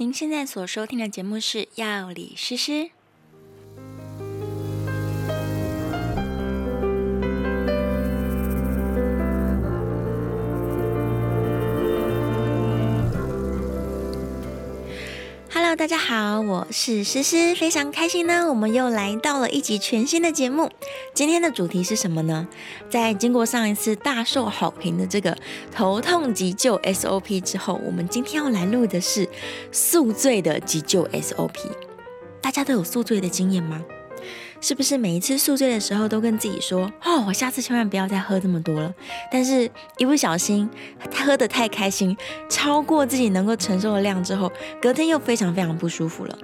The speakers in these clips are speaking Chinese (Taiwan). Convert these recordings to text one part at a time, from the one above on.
您現在所收聽的節目是《藥理詩詩》。是詩詩，非常開心呢、啊。我們又來到了一集全新的節目。今天的主題是什麼呢？在經過上一次大受好評的這個頭痛急救 SOP 之後，我們今天要來錄的是宿醉的急救 SOP。大家都有宿醉的經驗嗎？是不是每一次宿醉的時候都跟自己說，哦，我下次千萬不要再喝這麼多了。但是，一不小心喝得太開心，超過自己能夠承受的量之後，隔天又非常非常不舒服了。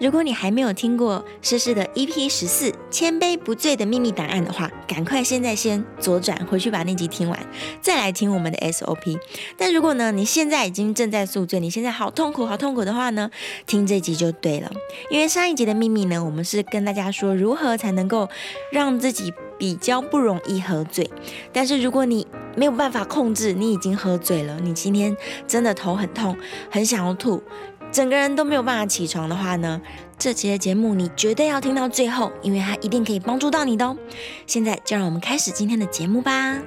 如果你還沒有聽過詩詩的 EP 十四《千杯不醉的秘密檔案》的話，趕快現在先左轉回去把那集聽完，再來聽我們的 SOP。但如果呢，你現在已經正在宿醉，你現在好痛苦，好痛苦的話呢，聽這集就對了。因為上一集的秘密呢，我們是跟大家說如何才能夠讓自己比較不容易喝醉。但是如果你沒有辦法控制，你已經喝醉了，你今天真的頭很痛，很想要吐，整個人都沒有辦法起床的話呢，這期的節目你絕對要聽到最後，因為它一定可以幫助到你的哦。現在就讓我們開始今天的節目吧。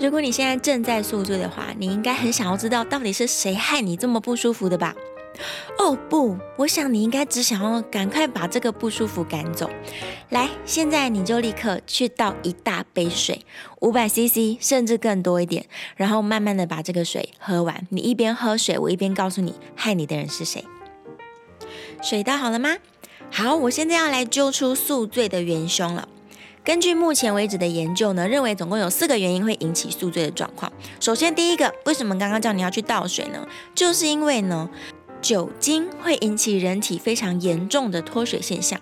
如果你現在正在宿醉的話，你應該很想要知道到底是誰害你這麼不舒服的吧？哦不，我想你應該只想要趕快把這個不舒服趕走。來，現在你就立刻去倒一大杯水，五百 CC 甚至更多一點，然後慢慢的把這個水喝完。你一邊喝水，我一邊告訴你害你的人是誰。水倒好了嗎？好，我現在要來揪出宿醉的元兇了。根據目前為止的研究呢，認為總共有四個原因會引起宿醉的狀況。首先第一個，為什麼剛剛叫你要去倒水呢？就是因為呢。酒精會引起人體非常嚴重的脫水現象。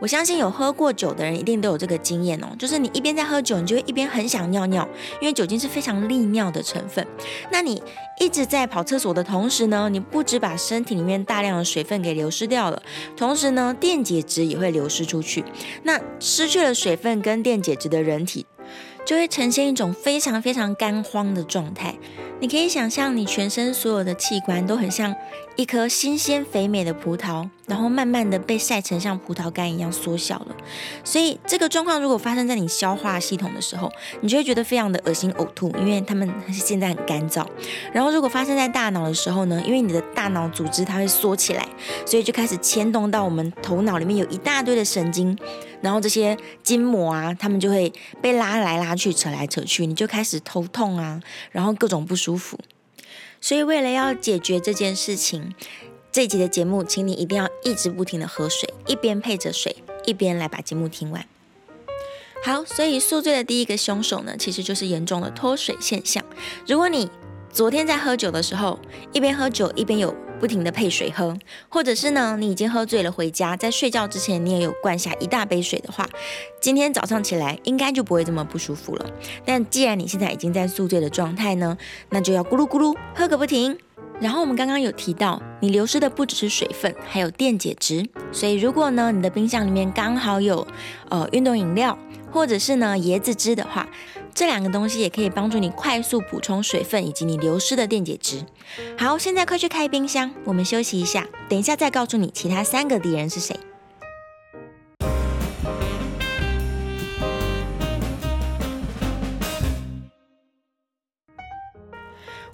我相信有喝過酒的人一定都有這個經驗哦，就是你一邊在喝酒，你就會一邊很想尿尿，因為酒精是非常利尿的成分。那你一直在跑廁所的同時呢，你不止把身體裡面大量的水分給流失掉了，同時呢，電解質也會流失出去。那失去了水分跟電解質的人體。就會呈現一種非常非常乾荒的狀態。你可以想象你全身所有的器官都很像一顆新鮮肥美的葡萄。然後慢慢的被曬成像葡萄乾一樣縮小了，所以這個狀況如果發生在你消化系統的時候，你就會覺得非常的噁心嘔吐，因為他們現在很乾燥。然後如果發生在大腦的時候呢，因為你的大腦組織它會縮起來，所以就開始牽動到我們頭腦裡面有一大堆的神經，然後這些筋膜啊，他們就會被拉來拉去、扯來扯去，你就開始頭痛啊，然後各種不舒服。所以為了要解決這件事情。這一集的節目，請你一定要一直不停的喝水，一邊配着水，一邊來把節目聽完。好，所以宿醉的第一個兇手呢，其實就是嚴重的脫水現象。如果你昨天在喝酒的時候，一邊喝酒一邊有不停的配水喝，或者是呢，你已經喝醉了回家，在睡覺之前你也有灌下一大杯水的話，今天早上起來應該就不會這麼不舒服了。但既然你現在已經在宿醉的狀態呢，那就要咕嚕咕嚕喝個不停。然後我們剛剛有提到，你流失的不只是水分，還有電解質。所以如果呢，你的冰箱裡面剛好有，呃，運動飲料或者是呢椰子汁的話，這兩個東西也可以幫助你快速補充水分以及你流失的電解質。好，現在快去開冰箱，我們休息一下，等一下再告訴你其他三個敵人是誰。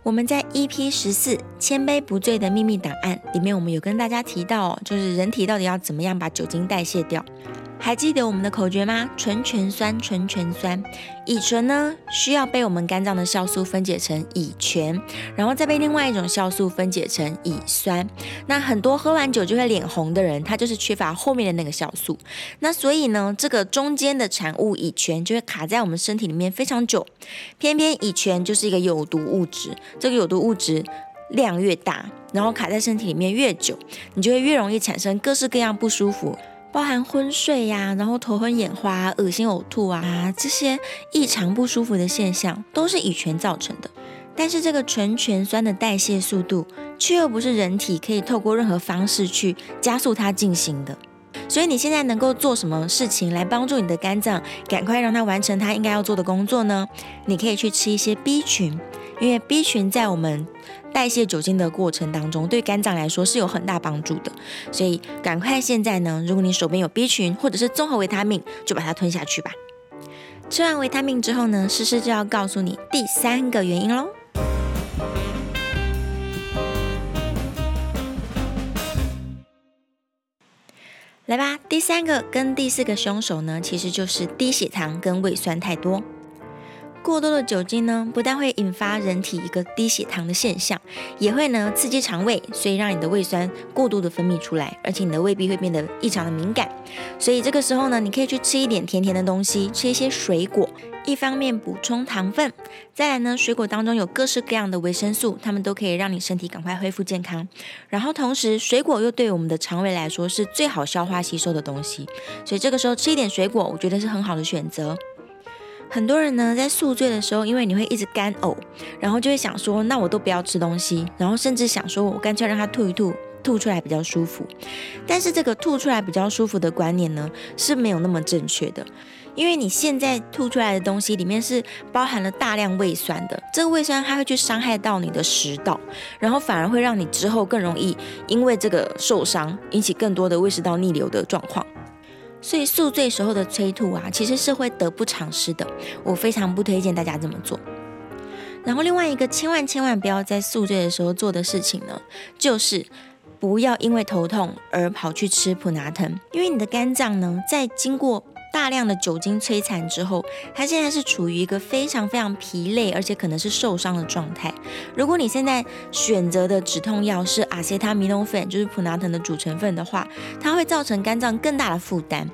我們在《EP 十四千杯不醉的秘密檔案》裡面，我們有跟大家提到哦，就是人體到底要怎麼樣把酒精代謝掉。還記得我們的口訣嗎？醇醛酸，醇醛酸。乙醇呢，需要被我們肝臟的酵素分解成乙醛，然後再被另外一種酵素分解成乙酸。那很多喝完酒就會臉紅的人，他就是缺乏後面的那個酵素。那所以呢，這個中間的產物乙醛就會卡在我們身體裡面非常久。偏偏乙醛就是一個有毒物質，這個有毒物質量越大，然後卡在身體裡面越久，你就會越容易產生各式各樣不舒服。包含昏睡呀、啊，然後頭昏眼花、啊、噁心嘔吐啊這些異常不舒服的現象，都是乙醛造成的。但是這個醇醛酸的代謝速度，卻又不是人體可以透過任何方式去加速它進行的。所以你現在能夠做什麼事情來幫助你的肝臟，趕快讓它完成它應該要做的工作呢？你可以去吃一些 B 群。因為 B 群在我們代謝酒精的過程當中，對肝臟來說是有很大幫助的，所以趕快現在呢，如果你手邊有 B 群或者是綜合維他命，就把它吞下去吧。吃完維他命之後呢，詩詩就要告訴你第三個原因嘍。來吧，第三個跟第四個兇手呢，其實就是低血糖跟胃酸太多。過多的酒精呢，不但會引發人體一個低血糖的現象，也會呢刺激腸胃，所以讓你的胃酸過度的分泌出來，而且你的胃壁會變得異常的敏感。所以這個時候呢，你可以去吃一點甜甜的東西，吃一些水果，一方面補充糖分，再來呢，水果當中有各式各樣的維生素，它們都可以讓你身體趕快恢復健康。然後同時，水果又對我們的腸胃來說是最好消化吸收的東西，所以這個時候吃一點水果，我覺得是很好的選擇。很多人呢在宿醉的時候，因為你會一直乾嘔，然後就會想說，那我都不要吃東西，然後甚至想說我乾脆讓它吐一吐，吐出來比較舒服。但是這個吐出來比較舒服的觀念呢是沒有那麼正確的，因為你現在吐出來的東西裡面是包含了大量胃酸的，這個胃酸它會去傷害到你的食道，然後反而會讓你之後更容易因為這個受傷，引起更多的胃食道逆流的狀況。所以宿醉時候的催吐啊，其實是會得不償失的，我非常不推薦大家這麼做。然後另外一個，千萬千萬不要在宿醉的時候做的事情呢，就是不要因為頭痛而跑去吃普拿疼，因為你的肝臟呢，在經過。大量的酒精摧殘之後，它現在是處於一個非常非常疲累，而且可能是受傷的狀態。如果你現在選擇的止痛藥是阿西他米諾芬，就是普拿疼的主成分的話，它會造成肝臟更大的負擔，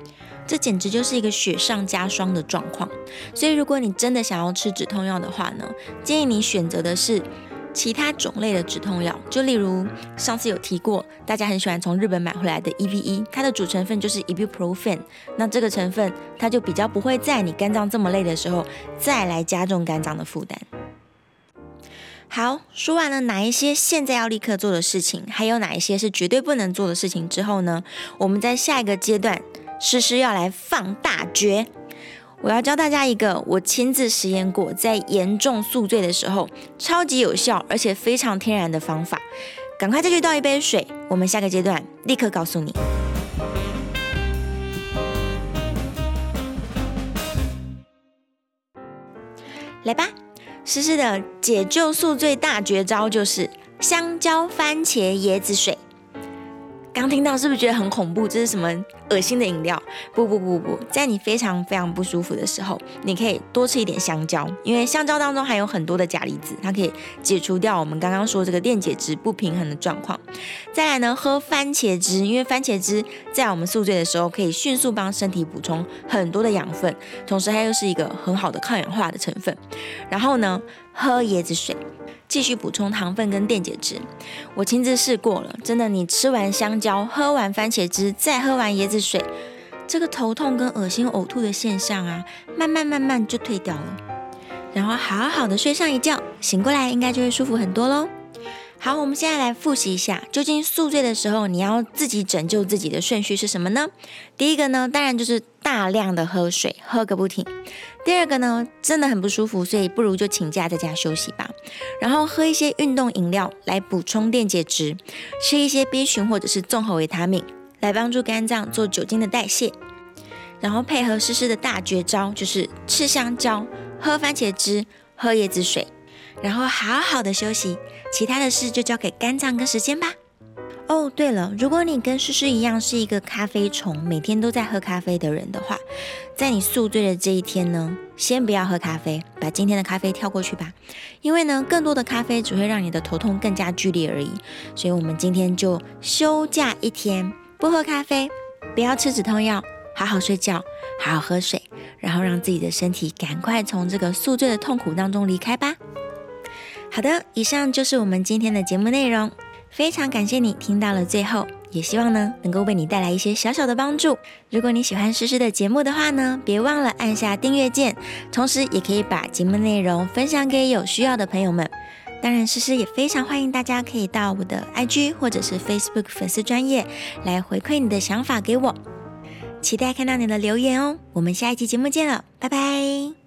這簡直就是一個雪上加霜的狀況。所以，如果你真的想要吃止痛藥的話呢，建議你選擇的是。其他種類的止痛藥，就例如上次有提過，大家很喜歡從日本買回來的 EVE，它的主成分就是 Ibuprofen。那這個成分，它就比較不會在你肝臟這麼累的時候再來加重肝臟的負擔。好，說完了哪一些現在要立刻做的事情，還有哪一些是絕對不能做的事情之後呢，我們在下一個階段，詩詩要來放大絕。我要教大家一個我親自實驗過，在嚴重宿醉的時候超級有效，而且非常天然的方法。趕快再去倒一杯水，我們下個階段立刻告訴你。來吧，詩詩的解救宿醉大絕招就是香蕉、番茄、椰子水。剛聽到是不是覺得很恐怖？這是什麼惡心的飲料？不不不不，在你非常非常不舒服的時候，你可以多吃一點香蕉，因為香蕉當中含有很多的鉀離子，它可以解除掉我們剛剛說這個電解質不平衡的狀況。再來呢，喝番茄汁，因為番茄汁在我們宿醉的時候可以迅速幫身體補充很多的養分，同時它又是一個很好的抗氧化的成分。然後呢，喝椰子水。繼續補充糖分跟電解質，我親自試過了，真的，你吃完香蕉，喝完番茄汁，再喝完椰子水，這個頭痛跟噁心嘔吐的現象啊，慢慢慢慢就退掉了。然後好好的睡上一覺，醒過來應該就會舒服很多嘍。好，我們現在來複習一下，究竟宿醉的時候你要自己拯救自己的順序是什麼呢？第一個呢，當然就是大量的喝水，喝個不停。第二個呢，真的很不舒服，所以不如就請假在家休息吧。然後喝一些運動飲料來補充電解質，吃一些 B 群或者是綜合維他命來幫助肝臟做酒精的代謝。然後配合詩詩的大絕招，就是吃香蕉、喝番茄汁、喝椰子水，然後好好的休息，其他的事就交給肝臟跟時間吧。哦，oh，對了，如果你跟詩詩一樣是一個咖啡蟲，每天都在喝咖啡的人的話，在你宿醉的這一天呢，先不要喝咖啡，把今天的咖啡跳過去吧，因為呢，更多的咖啡只會讓你的頭痛更加劇烈而已。所以，我們今天就休假一天，不喝咖啡，不要吃止痛藥，好好睡覺，好好喝水，然後讓自己的身體趕快從這個宿醉的痛苦當中離開吧。好的，以上就是我們今天的節目內容。非常感謝你聽到了最後，也希望呢能夠為你帶來一些小小的幫助。如果你喜歡詩詩的節目的話呢，別忘了按下訂閱鍵，同時也可以把節目內容分享給有需要的朋友們。當然，詩詩也非常歡迎大家可以到我的 IG 或者是 Facebook 粉絲專頁來回饋你的想法給我，期待看到你的留言哦。我們下一期節目見了，拜拜。